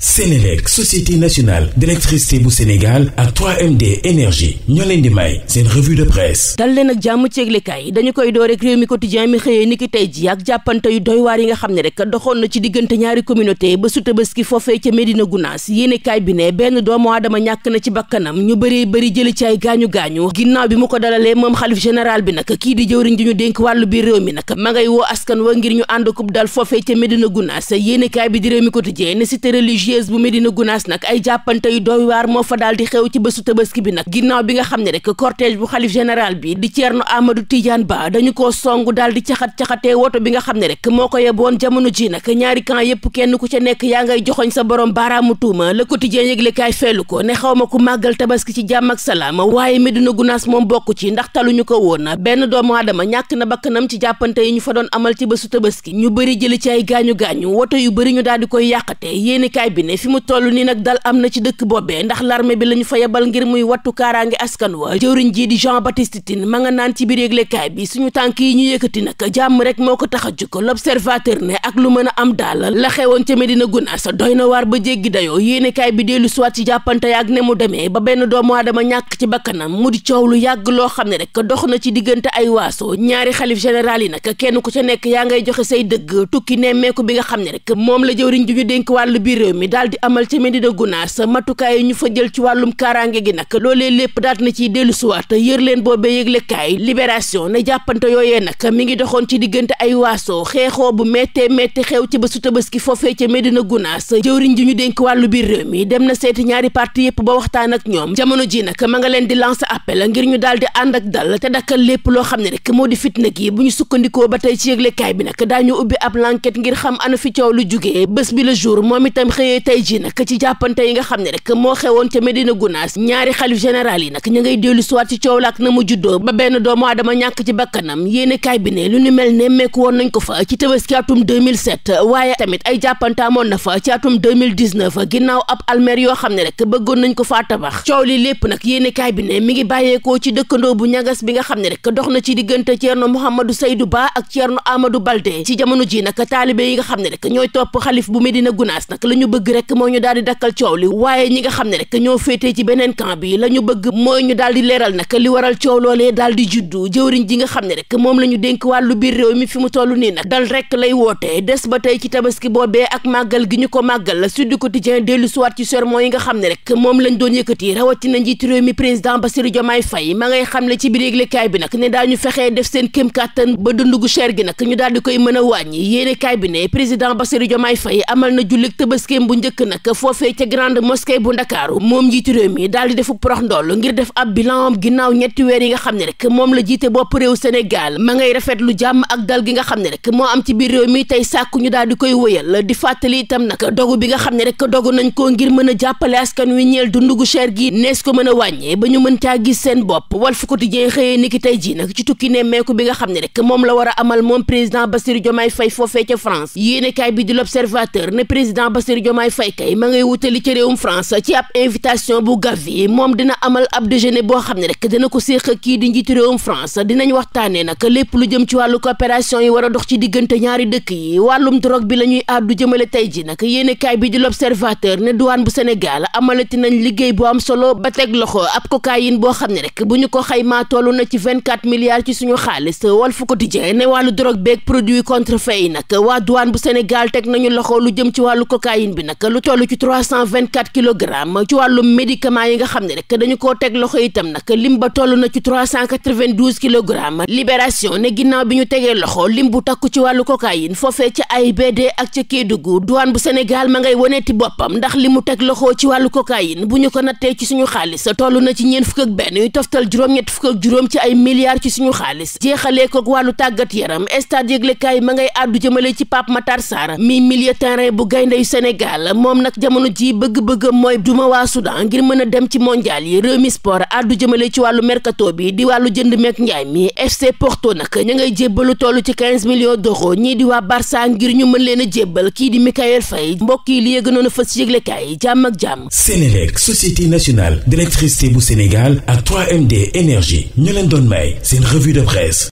Sénélec société nationale d'électricité bu Sénégal ak 3MD énergie ñoo leen di may seen revue de presse dal leen ak jàmm ci yëglekaay yi dañu koy door rek réew mi quotidien mi xëyee ni tey ji ak jàppante yu doy waar yi nga xam ne rek doxoon na ci diggante ñaari communauté ba su tabaski foofee ca Médina Gounass yéenekaay bi ne benn doomu aadama ñàkk na ci bakkanam ñu bare bëri jëli ci ay gaañu-gaañu ginnaaw bi mu ko dalalee moom xalif général bi nag kii di jëwriñ ji ñu dénk wàllu biir réew mi nag ma ngay woo askan wa ngir ñu ànd ko dal foofee ca Médina Gounass yéenekaay religieuse bu Medina Gounass nag ay jàppante yu doy waar moo fa daal di xew ci bésu tabaski bi nag ginnaaw bi nga xam ne rek cortège bu xalif général bi di Thierno Amadou Tidiane Ba dañu koo songu daal di caxat-caxatee woto bi nga xam ne rek moo ko yeboon jamono ji nag ñaari kan yépp kenn ku ca nekk yaa ngay joxoñ sa borom baaraamu tuuma Le Quotidien yëglekaay feelu ko ne xaw ma ku màggal tabaski ci jàmm ak salaam waaye Medina Gounass moom bokk ci ndax taluñu ko woon benn doomu aadama ñàkk na bakkanam ci jàppante yi ñu fa doon amal ci bésu tabaski ñu bëri jëli ci ay gaañu gaañu woto yu bëri ñu daal di koy yàqate yéenekaay cabinet fi mu toll nii nag dal am na ci dëkk boobee ndax l'armée bi la ñu fa yebal ngir muy wattu kaaraange askan wa jëwriñ jii di Jean Baptiste Tine ma nga naan ci biir yëglekaay bi suñu tànk yi ñu yëkkati nag jàmm rek moo ko tax a jukko l'observateur ne ak lu mën a am daal la xewoon ca Medina Gunaas doy na waar ba jéggi dayoo yéenekaay bi dellu soit ci jàppante yaak ne mu demee ba benn doomu aadama ñàkk ci bakkanam mu di coow lu yàgg loo xam ne rek dox na ci diggante ay waaso ñaari xalif général yi nag kenn ku ca nekk yaa ngay joxe say dëgg tukki nemmeeku bi nga xam ne rek moom la jëwriñ ju ñu yi daal di amal ca Médina Gounass matukaay yi ñu fa jël ci wàllum kaaraange gi nag loolee lépp daat na ciy dellu suwaat yër leen boobee yëglekaay libération ne jàppante yooyee nag mi ngi doxoon ci diggante ay waasoo xeexoo bu méttee metti xew ci bésu tabaski foofee ca Médina Gounass jëwriñ ji ñu dénk wàllu biir réew mi dem na seeti ñaari parti yépp ba waxtaan ak ñoom jamono ji nag ma nga leen di lancer appel ngir ñu daal di ànd ak dal te dakkal lépp loo xam ne rek moo di fitna gi bu ñu sukkandikoo ba tey ci yëglekaay bi nag daañu ubbi ab l'enquête ngir xam ana fi coow lu jugee bés bi le jour moom itam loolee tey ji nag ci jàppante yi nga xam ne rek moo xewoon ca Medina Gunaas ñaari xalif général yi nag ñu ngay dellu siwaat ci coow la ak na mu juddoo ba benn doomu aadama ñàkk ci bakkanam yéene kaay bi ne lu ni mel ne mekk woon nañ ko fa ci tabaski atum 2007 waaye tamit ay jàppante amoon na fa ci atum 2019 ginnaaw ab almer yoo xam ne rek bëggoon nañ ko faa tabax coow li lépp nag yéene kaay bi mi ngi bàyyeekoo ci dëkkandoo bu ñagas bi nga xam ne rek dox na ci diggante Ceerno Mouhamadou Seydou Ba ak Ceerno Amadou Balde ci jamono ji nag taalibe yi nga xam ne rek ñooy topp xalif bu Medina Gunaas nag la ñu bëgg rek mooy ñu daal di dakkal coow li waaye ñi nga xam ne rek ñoo féetee ci beneen camp bi la ñu bëgg mooy ñu daal di leeral nag li waral coow loolee daal di juddu jëwriñ ji nga xam ne rek moom la ñu dénk wàllu biir réew mi fi mu toll nii nag dal rek lay wootee des ba tey ci tabaski boobee ak màggal gi ñu ko màggal Sud Quotidien dellu suwaat ci sermon yi nga xam ne rek moom lañ doon yëkkati rawatina njiitu réew mi président Bassirou Diomaye Faye ma ngay xamle ci biir yëglekaay bi nag ne daa ñu fexee def seen kéem kàttan ba dund gu cher gi nag ñu daal di koy mën a wàññi yéene kaay bi ne président Bassirou Diomaye Faye amal na jullit tabaski bu njëkk nag foofee ca grande mosquée bu ndakaaru moom njiitu réew mi daal di defu prox ndoll ngir def ab bilan weer yi nga xam ne rek moom la jiite bopp réew Sénégal ma ngay rafet lu jàmm ak dal gi nga xam ne rek moo am ci biir réew mi tey sàkku ñu daal di koy wëyal di fàttali itam nag dogu bi nga xam ne rek dogu nañ ko ngir mën a jàppale askan wi ñeel dundu gu cher gi nees ko mën a wàññee ba ñu mën caa gis seen bopp Walf Quotidien xëyee ki tey jii nag ci tukki ne meeku bi nga xam ne rek moom la war a amal moom président Bassirou Diomaye Faye foofee ca France yéenekaay bi di l'Observateur Diomaye Faye kay ma ngay wutali ci réewum France ci ab invitation bu Gavi moom dina amal ab déjeuner boo xam ne rek dina ko séeq kii di njiitu réewum France dinañ waxtaanee nag lépp lu jëm ci wàllu coopération yi war a dox ci diggante ñaari dëkk yi wàllum drogue bi la ñuy àddu jëmale ji nag yéenekaay bi di l'Observateur ne douane bu Sénégal amalati nañ liggéey ba teg loxo ab cocaïne boo xam ne rek bu ñu na ci vingt-quatre milliards ci suñu xaalis Walf Quotidien ne wàllu drogue beeg produit contrefait yi nag waa douane bu Sénégal teg nañu loxo lu jëm ci wàllu cocaïne bi nag lu toll ci 324 kilogrammes ci wàllum médicament yi nga xam ne rek dañu koo teg loxo itam nag lim ba toll na ci 392 kilogrammes libération ne ginnaaw bi ñu tegee loxo lim bu takku ci wàllu cocaïne foofee ci AIBD ak ca Kédougou douane bu Sénégal ma ngay woneeti boppam ndax li mu teg loxo ci wàllu cocaïne bu ñu ko nattee ci suñu xaalis toll na ci ñeent fukk ak benn yu toftal juróom-ñett fukk ak juróom ci ay milliards ci suñu xaalis jeexalee ko wàllu tàggat yaram stade yëglekaay ma ngay àddu jëmale ci Pape Matar Sarr mi milieu terrain bu gayndeyu Sénégal la moom nag jamono ji bëgg bëgg mooy duma waa Soudan ngir mën a dem ci mondial yi réew mi sport addu jëmale ci wàllu merkato bi di wàllu jënd meek njaay mi FC Porto nag ñu ngay jébbalu toll ci 15 millions d'euros ñii di waa Barça ngir ñu mën leen a jébbal kii di Mikayel Faye mbokk yi li yëgënoon a fës yëglekaay yi jàmm ak jàmm Sénélec société nationale d'électricité bu Sénégal ak 3MD énergie ñu leen doon may seen revue de presse